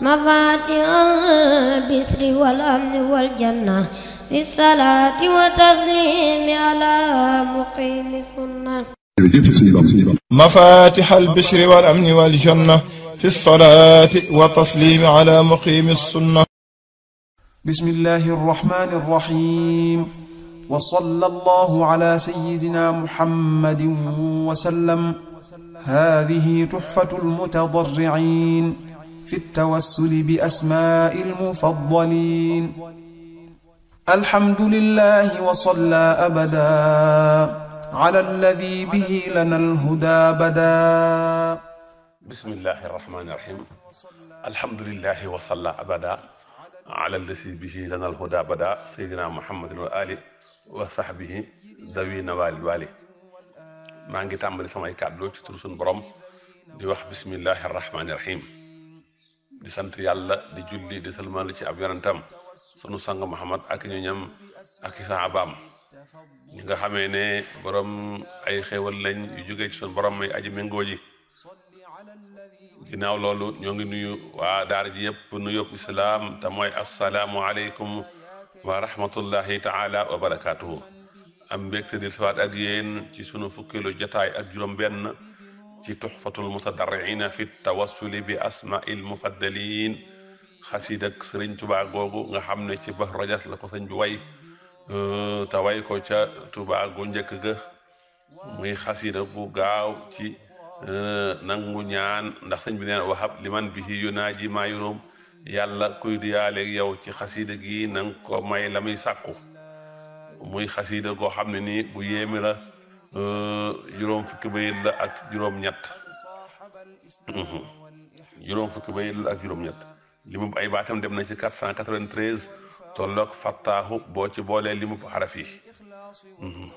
مفاتح البسر والأمن والجنة للصلاة وتسليم على مقيم سنة مفاتح البشر والأمن والجنة في الصلاة وتسليم على مقيم السنة بسم الله الرحمن الرحيم وصلى الله على سيدنا محمد وسلم هذه تحفة المتضرعين في التوسل بأسماء المفضلين الحمد لله وصلى أبدا على الذي به لنا الهدى بدا بسم الله الرحمن الرحيم الحمد لله وصلى أبدا على الذي به لنا الهدى بدا سيدنا محمد وآله وصحبه ذوي نوال الوالي maa ngi tàmbali samay kàddu ci turu suñu borom di wax bismillahi rahmaani rahim di sant yàlla di julli di salmaal ci ab yonentam sunu sang Muhammad ak ñu ñam ak i saabaam ñi nga xamee ne borom ay xéewal lañ yu jógee ci sunu borom may aji méngoo ji ginnaaw loolu ñoo ngi nuyu waa daara ji yëpp nuyu islaam te mooy asalaamualeykum wa rahmatullahi taala wa barakaatuhu am mbégte di siwaat ak yéen ci sunu fukkeelu jotaay ak juróom-benn. ci tuxfatul mutadarriina fi tawassuli bi asmail mufaddalin xasiid ak sëriñ tubaa googu nga xam ne ci bax rajas la ko sëñ way euh, te ko ca tubaa gu njëkk ga muy xasiida bu gaaw ci euh, nangu ñaan ndax sëñ bi neen wahab liman bihi yunaaji maa yurum yàlla kuy diyaaleeg yow ci xasiida gi nang ko may la muy sàkku muy xasiida goo xam ne nii bu yéeme la Euh, juróom fukki bayit la ak juróom-ñett mhm. juróom fukki bayit la ak juróom-ñett li mu ay baatam dem na ci quatre cent quatre vingt boo ci boolee li mu xaraf yi mhm.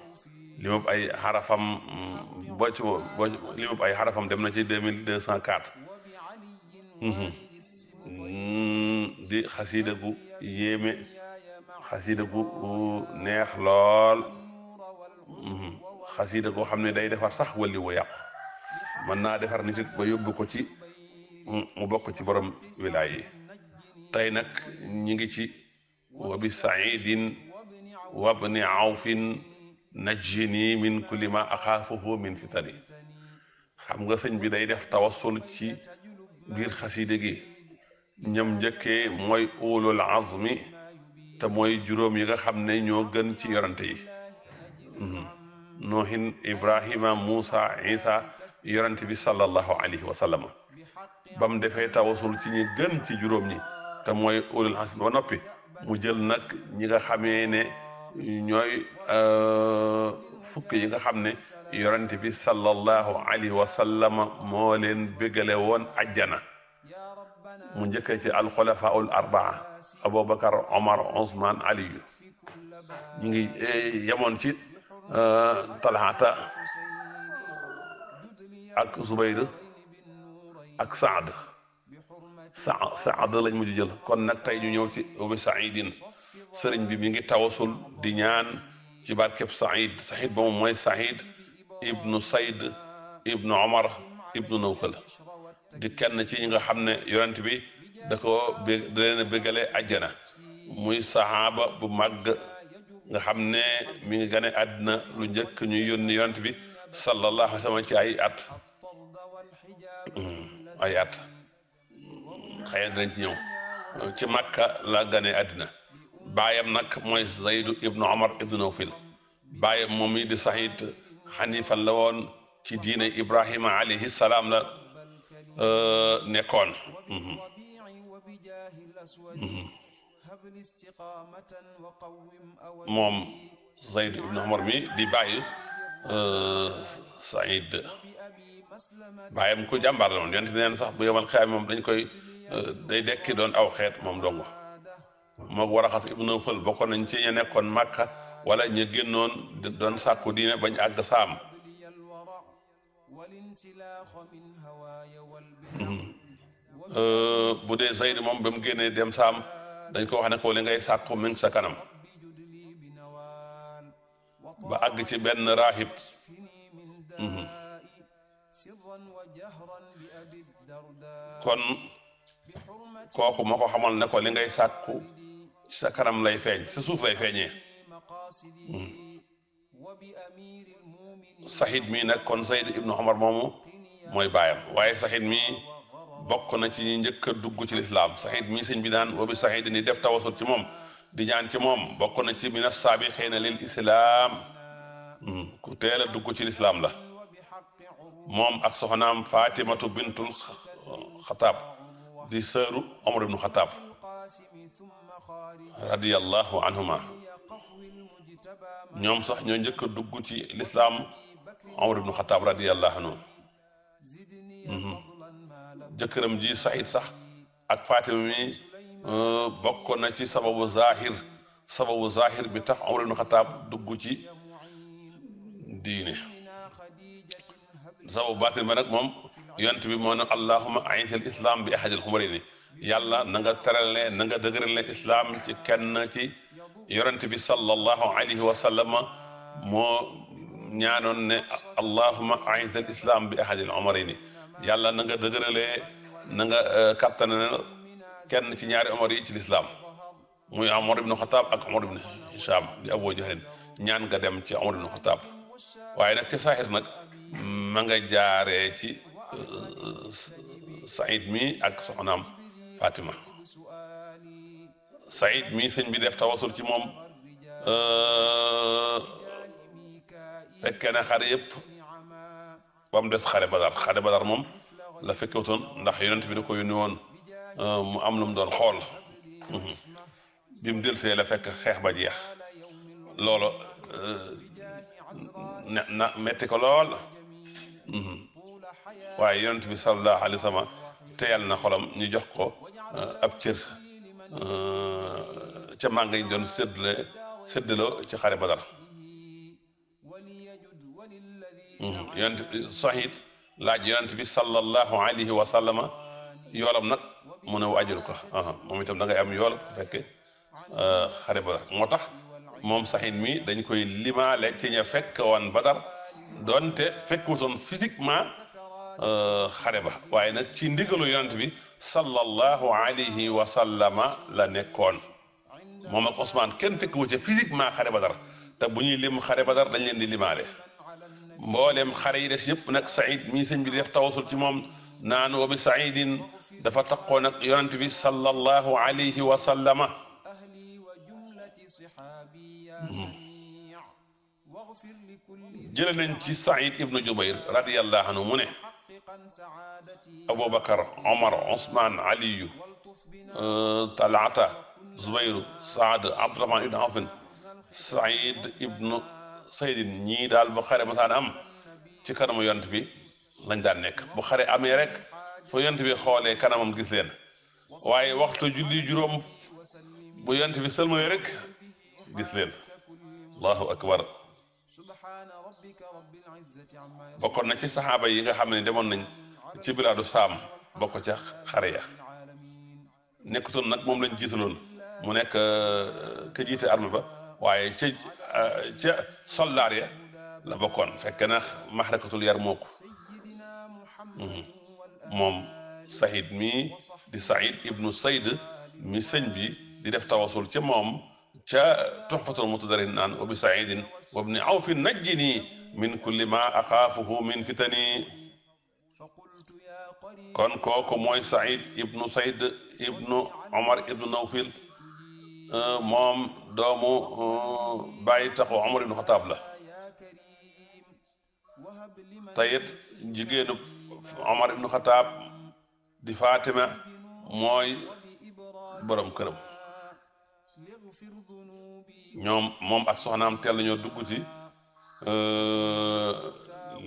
li mu ay xarafam mm, boo ci dem na ci deux mille deux cent quatre mhm. mm, di xasiida gu yéeme xasiida gu neex lool. xasiida koo xam ne day defar sax wali wu yàqu naa defar nit ba yóbbu ko ci mu bokk ci borom wilaay yi tey nag ñi ngi ci wa bi saidin wa bni awfin najjini min kulli ma min fitani xam nga sëñ bi day def tawassul ci ngir xasiida gi ñam njëkkee mooy ulul azmi te mooy juróom yi nga xam ne ñoo gën ci yorante yi mm-hmm. nuuhin ibrahima muusa isa yonent bi sallallahu alayhi wa sallam ba mu defee tawasul ci ñi gën ci juróom ñi te mooy ulul azmi ba noppi mu jël nag ñi nga xamee ne ñooy euh, fukk yi nga xam ne yonent bi sallallahu alayhi wa sallam moo leen bégale woon ajjana mu njëkkee ci alxulafaul arbaa aboubacar omar osman aliyu ñu ngi eh, yemoon ci talxata ak zubayr ak saad sa saad lañ mujj jël kon nag tey ñu ñëw ci bi saidin sëriñ bi mi ngi tawasul di ñaan ci barkeb said said ba moom mooy said ibnu sayd ibnu omar ibnu nawfal di kenn ci ñi nga xam ne yonent bi da ko da leen a béggalee muy saxaaba bu màgg nga ne mi ngi gane àddina lu njëkk ñuy yónni yonent bi sallallahu alayhi ci ay at hmm, ay at xëy na dinañ ci ñëw ci Makka la gane àddina baayam nag mooy Zayd ibnu Omar ibnu Nawfil baayam moom mii di xanifan la ci diine Ibrahima alayhi salaam la euh, nekkoon. Hmm, hmm. moom Zayd ibn Umar mi di bàyyi euh, Saïd bàyyam ko jàmbaar la woon yonent neen sax bu yomal xeyaam moom dañ koy euh, day dekki doon aw xeet moom dong moog Waraxas ibnu Nawfal bokkoon nañ ci ña nekkoon Màkka wala ña génnoon doon sàkku diine bañ àgg saam hmm. euh, bu dee Zayd moom ba mu génnee dem saam dañ ko wax ne ko li ngay sàkku mi ngi sa kanam ba àgg ci benn raahib mhm. kon kooku moo ne ko li ngay sàkku sa kanam lay feeñ sa suuf lay feeñee mhm. saxit mi nag kon Zayd ibnu Omar moomu mooy baayam waaye saxit mi bokk na ci ñi njëkk a dugg ci lislaam saxiid mi bi daan wabi saxiid ni def tawasul ci moom di ñaan ci moom bokk na ci mina saabixiina lil islaam hmm, ku teel dugg ci lislaam la moom ak soxnaam fatimatu bintul xataab di sëru omar ibnu xataab radiyallahu anhuma sax ñoo njëkk dugg ci lislaam omar ibnu jëkkëram ji Saïd sax ak Fatima mi euh, bokkoon na ci sababu zahir sababu zahir bi tax Umar ibn Xataab dugg ci diine sababu baatin ba nag moom yonent bi moo ne allahuma ainsil islam bi ahadil xumarayni yàlla na nga terale na nga dëgërale islam ci kenn ci yonent bi sallallahu alayhi wa sallama moo ñaanoon ne allahuma ainsil islam bi ahadil xumarayni yàlla na nga dëgëralee na nga euh, kattanal kenn ci ñaari omar yi ci lislaam muy omar ibnu xataab ak omar ibnu hicham di aboo jahlin ñaan nga dem ci omar ibnu xataab waaye nag ci saaxir nag ma nga jaaree ci euh, saïd mi ak soxnaam fatima saïd mi sëñ bi def tawasul ci moom euh, fekkee ne xar yëpp ba mu des xare badar xare badar moom la fekkewutoon ndax yonent bi da ko yónni woon euh, mu am lu mu doon xool mhm. bi mu delsee la fekk xeex ba jeex loolu euh, metti ko lool mhm. waaye yonent bi sallallahu alayhi wa sallam teyal na xolam ñu jox ko euh, ab cër ca mànga yi doon séddale séddaloo ci xale badar Mm-hmm. yonent saxiit laaj yonent bi sallallahu alayhi wa sallama yoolam nag mu ne waajal ko moom itam da am yoolam bu uh, xare ba moo tax moom saxiit mi dañ koy limaale ci ña fekk wan Badar donte fekkutoon physiquement uh, xare ba waaye nag ci ndigalu yonent bi sallallahu alayhi wa sallama la nekkoon moom ak Ousmane kenn fekk wu ca physiquement xare Badar te bu ñuy lim xare Badar dañ leen di limaale. mboolem xare yi des yëpp nag Saïd mii sëñ bi def tawasul ci moom naan wa bi Saïdin dafa taqoon ak yonent bi sallallahu alayhi wa sallama jële nañ ci Saïd ibnu Jubayr radiyallahu anhu mu ne Aboubacar Omar Ousmane Aliyu euh, Talata Zubayru Saad Abdurahman ibnu Awfin Saïd saydin ñii daal bu xare masaan am ci kanamu yont bi lañ daan nekk bu xare amee rek fa yont bi xoolee kanamam gis leen waaye waxtu julli juróom bu yont bi sëlmay rek gis leen allahu akbar bokkoon na ci saxaaba yi nga xam ne demoon nañ ci bilaadu saam bokk ca xare ya nekkutoon nag moom lañ noon mu nekk euh, ka jiite arme ba waaye ca euh, ca soldaar ya la bokkoon fekk na maxrakatul Yarmouk mhm. moom Saïd mi di Saïd ibnu Saïd mi sëñ bi di def tawasul ci moom ca tuxfatul mutadarin naan abi Saïdin wa ibni awfin najjini min kulli ma axaafuhu min fitani kon kooku mooy Saïd ibnu Saïd ibnu Omar ibnu Nawfil moom doomu uh, bàyyi taxu Umar ibn Xataab la tayit jigéenu Umar ibn Xataab di Fatima mooy borom këram moom ak soxnaam teel ñoo dugg ci uh,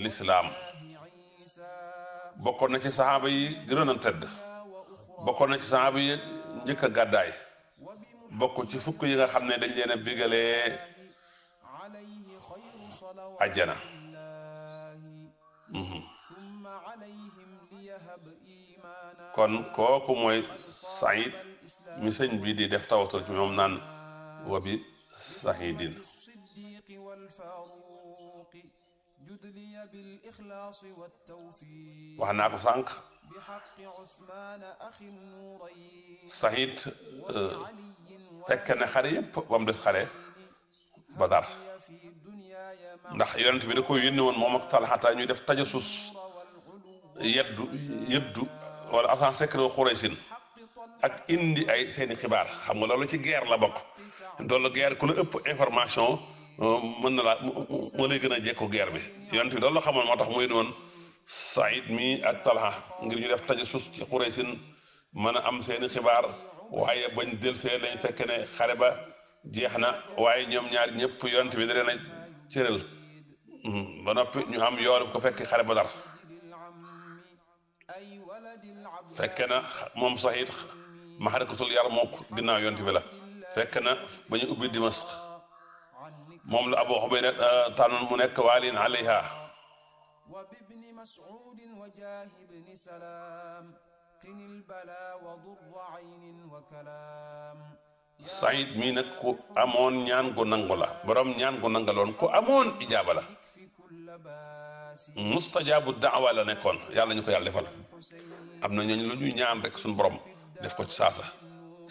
lislaam bokkoon na ci saxaaba yi gënoon a tedd bokkoon na ci saxaaba yi njëkk gàddaay bokk ci fukk yi nga xam ne dañ leen a bigalee ajjana mhm. kon kooku mooy saïd mi sëñ bi di def tawasul ci moom naan wa bi saïdin wax naa ko sànq Saïd euh, fekk na xare yëpp ba mu def xare Badar ndax yonent bi da ko yónni woon moom ak Talxata ñuy def tajasus yeddu yeddu wala agent secret wu Xuraysin ak indi ay seeni xibaar xam nga loolu ci guerre la bokk loolu guerre ku la ëpp information. Euh, mën na laa moo lay gën a jekku geer bi yont bi loolu la xamoon moo tax muy doon Saïd mi ak Talha ngir ñu def tajasus ci Quraysin mën a am seeni xibaar waaye bañ delsee lañ fekk ne xare ba jeex na waaye ñoom ñaar ñëpp yonent bi da leen a hmm, ba noppi ñu am yoolu ko fekk xare ba dar fekk na moom Saïd yar mokk ginnaaw yonent bi la fekk na ba ubbi Dimask moom la Abu Hubayra euh, tànnoon mu nekk waalin alayha Saïd mii nag ku amoon ñaan gu nangu la borom ñaan gu nangaloon ku amoon ijaaba la mustajaabu daawa la nekkoon yàlla ñu ko yàlla defal am na ñooñu lu ñuy ñaan rek suñu borom def ko ci saasa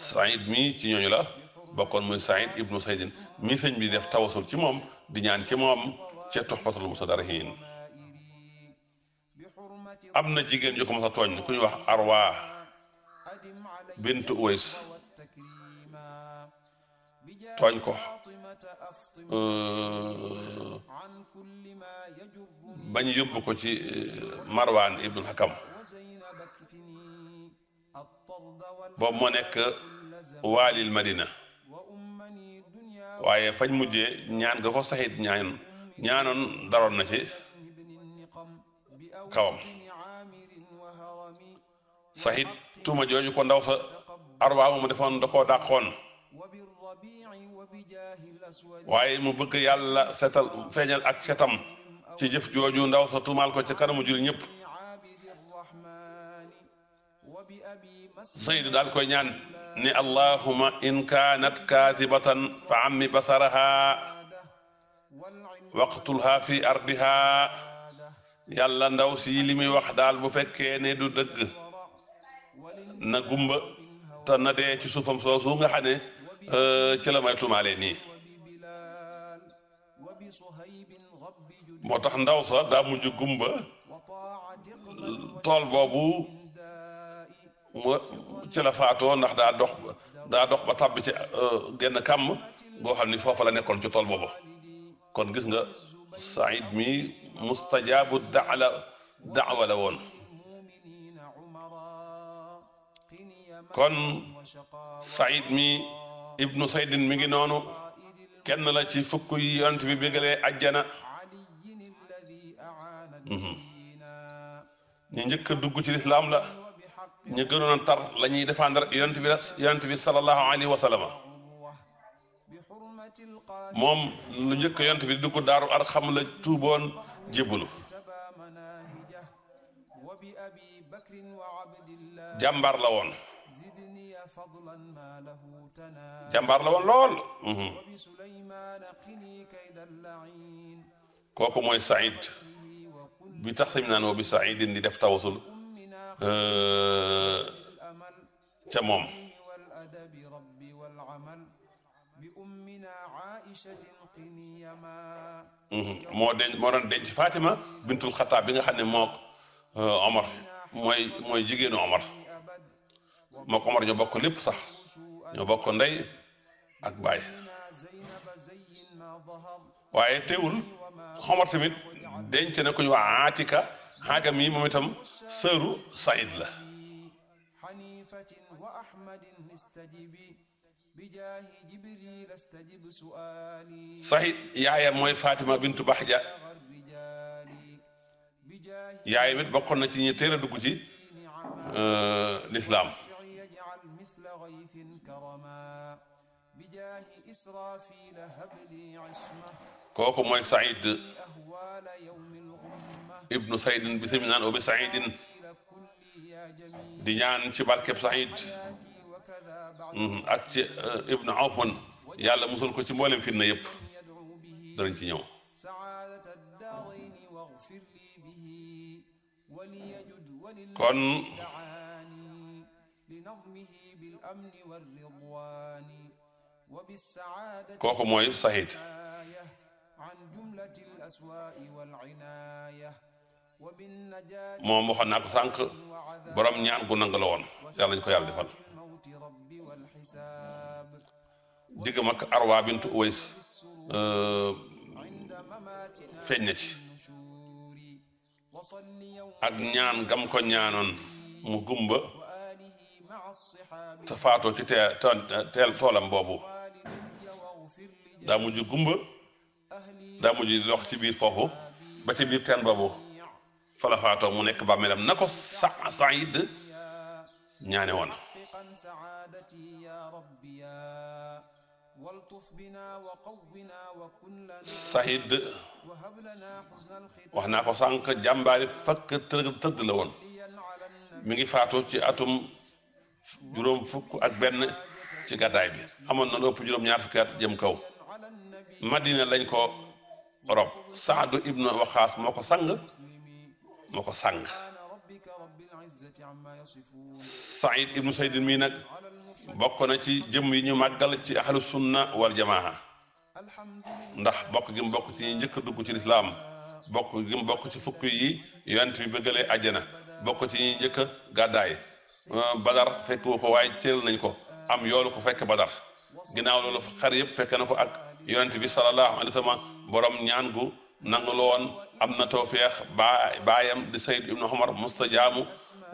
Saïd mii ci ñooñu la bokkoon muy Saïd ibnu Saydin mi señ bi def tawasul ci moom di ñaan ci moom ci Tuhfatul Mutadarihin am na jigéen ju ko mos a ku ñuy wax Arwa bintu Uwais tooñ ko ko ci Marwan ibnu Hakam boobu moo Madina waaye fañ mujjee ñaan nga ko saxit ñaan ñaanoon daroon na ci kawam saxit tuuma jooju ko ndaw sa arbaabu mu defoon da koo waaye mu bëgg yàlla setal feeñal ak setam ci jëf jooju ndaw sa tuumaal ko ci kanamu jul ñëpp Zeydu daal koy ñaan ne allahuma in kaanat kaasibatan fa ammi basaraha waqtulha fi ardiha yàlla ndaw si li muy wax daal bu fekkee ne du dëgg na gumba te na dee ci soosu nga xam euh, ci la may tumaale nii moo tax ndaw sa daa mujj gumba tool boobu mu ci la faatoo ndax daa dox daa dox ba tàbbi ci euh, genn kàmm boo xam ni foofa la nekkoon ci tool boobu kon gis nga Saïd mi mustajaabu daala daawa la woon kon Saïd mi ibnu Saydin mi ngi noonu la ci fukk yi yonent bi bégalee ajjana mhm. ñu njëkk a dugg ci lislaam la ñu gënoon tar la ñuy défendre yonent bi yonent bi sallallahu alayhi wa sallam moom lu njëkk yonent bi dugg daaru ar xam la tuuboon jébbalu jàmbaar la woon jàmbaar la woon lool mhm. kooku mooy Saïd bi tax sim naan woo bi Saïdin di def tawasul Euh, ca moom mm-hmm. moo denc moo doon denc Fatima bintul Xataab bi nga xam ne moo euh, Omar mooy mooy jigéenu Omar moo ko Omar ñoo bokk lépp sax ñoo bokk ndey ak baay waaye teewul Omar tamit denc na ku ñu wax Aatika xaaga mi moom itam sëru Saïd la Saïd yaayam mooy Fatima bintu Baxja yaayam it bokkoon na ci ñi teel a dugg ci euh, lislaam kooku mooy Saïd ibnu Saydin bi sami naan obi Saïdin di ñaan ci barkeb Saïd ak ci ibnu Awfun yàlla musul ko ci mboolem fitna yëpp danañ ci ñëw. kon kooku mooy saxiid moom waxoon naa ko sànq borom ñaan gu nangu la woon yàlla ñu ko yàlla defal digg mag Arwa bintu Uways euh, feeñ ci ak ñaan gam ko ñaanoon mu gumba te faatoo ci teel toolam boobu daa mujj gumba daa ci biir foofu ba ci biir teen boobu fa la mu nekk bàmmeelam na ko sa Saïd ñaane woon Saïd wax naa ko sànq jàmbaari fakk tëdd la woon mi ngi atum juróom fukk ak benn ci gàddaay bi amoon na lu ëpp juróom ñaar fukki at jëm kaw madina lañ ko rob saadu ibnu waxaas moo ko sang moo ko sang saïd ibnu saydin mii nag bokk na ci jëm yi ñu màggal ci ahlu sunna wal jamaa ndax bokk gi bokk ci njëkk a dugg ci lislaam bokk gi bokk ci fukk yi yonent bi bëggalee àjjana bokk ci ñi njëkk gàddaay Euh, badar fekku ko waaye teel nañ ko am yoolu ko fekk badar ginnaaw loolu xar yëpp fekk na ko ak yonent bi sallallahu alayhi wa sallam borom ñaan gu nangu la am na tawfeex baa baayam di Sayd ibnu Umar mustajaamu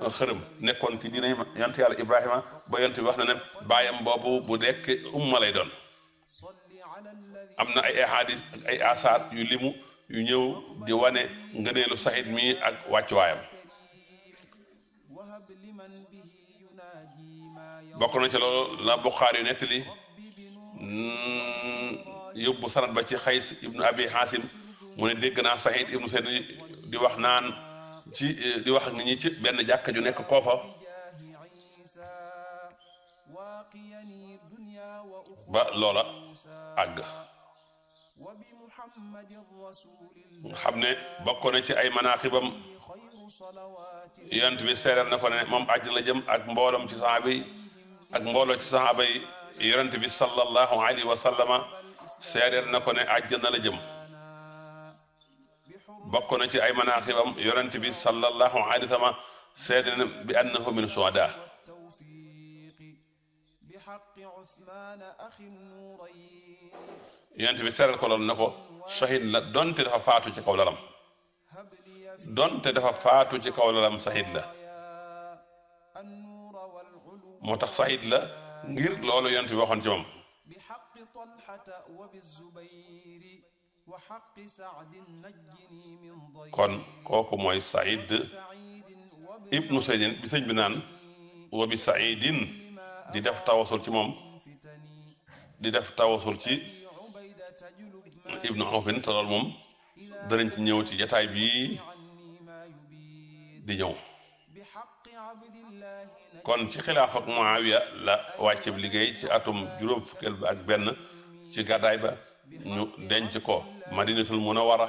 euh, xërëm nekkoon ci diine yonent yàlla Ibrahima ba yonent bi wax na ne baayam boobu bu dekk umma lay doon am na ay ahadis ay asaar yu limu yu ñëw di wane ngëneelu Sayd mii ak wàccuwaayam bokk na ci loolu na Buxaari yu nettali mm, yóbbu sanat ba ci xays ibnu abi xaasim mu ne dégg naa saxiid ibnu sayd di wax naan ci di wax nit ñi ci benn jàkka ju nekk koofa ba loola àgg nga xam ne bokk na ci ay manaaxibam yonent bi seeral na ko ne moom àjjana la jëm ak mbooloom ci saxaaba yi ak mbooloo ci saxaaba yi yonent bi sallallahu alayhi wa sallama seeral na ko ne àjjana la jëm bokk na ci ay manaaxibam yonent bi sallallahu alayhi wa sallama seeral bi annahu min suhadaa yonent bi seeral ko loolu na ko shahid la donte dafa faatu ci kaw lalam donte dafa faatu ci kaw lalam shahid la moo tax shahid la ngir loolu yonent bi waxoon ci moom kon kooku mooy Saïd ibnu Saydin bi sëñ bi naan wa bi Saïdin di def tawasul ci moom di def tawasul ci ibnu xawfin te loolu moom danañ ci ñëw ci jataay bii di ñëw kon ci xilaaf ak Muawiya la wàcce liggéey ci atum juróom fukkeel ba ak benn ci gàddaay ba ñu denc ko madinatul munawara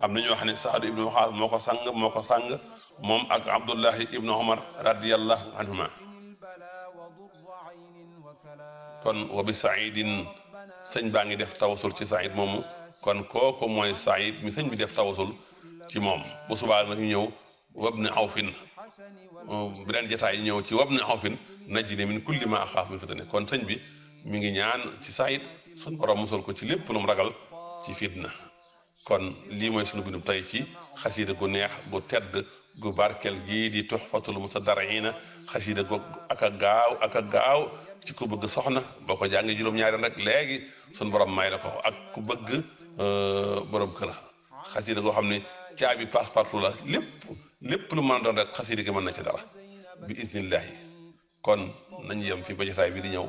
ab na ñoo xam ne Saad ibnu Waqaas moo ko sàng moo ko sàng moom ak Abdullahi ibnu Omar radiyallahu anhuma kon wa bi Saïdin sëñ baa ngi def tawasul ci Saïd moomu kon kooku mooy Saïd mi sëñ bi def tawasul ci moom bu subaa nag ñu ñëw wabni awfin beneen jataay ñëw ci wabni awfin najjini min kulli ma axaaf min fitani kon sëñ bi mi ngi ñaan ci Saïd suñ borom musal ko ci lépp lu mu ragal. ci fitna kon lii mooy sunu bindum tey ci xasiida gu neex gu tedd gu barkel gii di tuxfatul mutadarriina xasiida gu ak a gaaw aka a gaaw ci ku bëgg soxna boo ko jàngee juróom-ñaari rek léegi sunu borom may na ko ak ku bëgg euh, borom kër xasiida goo xam ne caabi passe-partout la lépp lépp lu mën a doon rek xasiida gi mën na ci dara bi iznillahi kon nañu yem fi ba jotaay bi di ñëw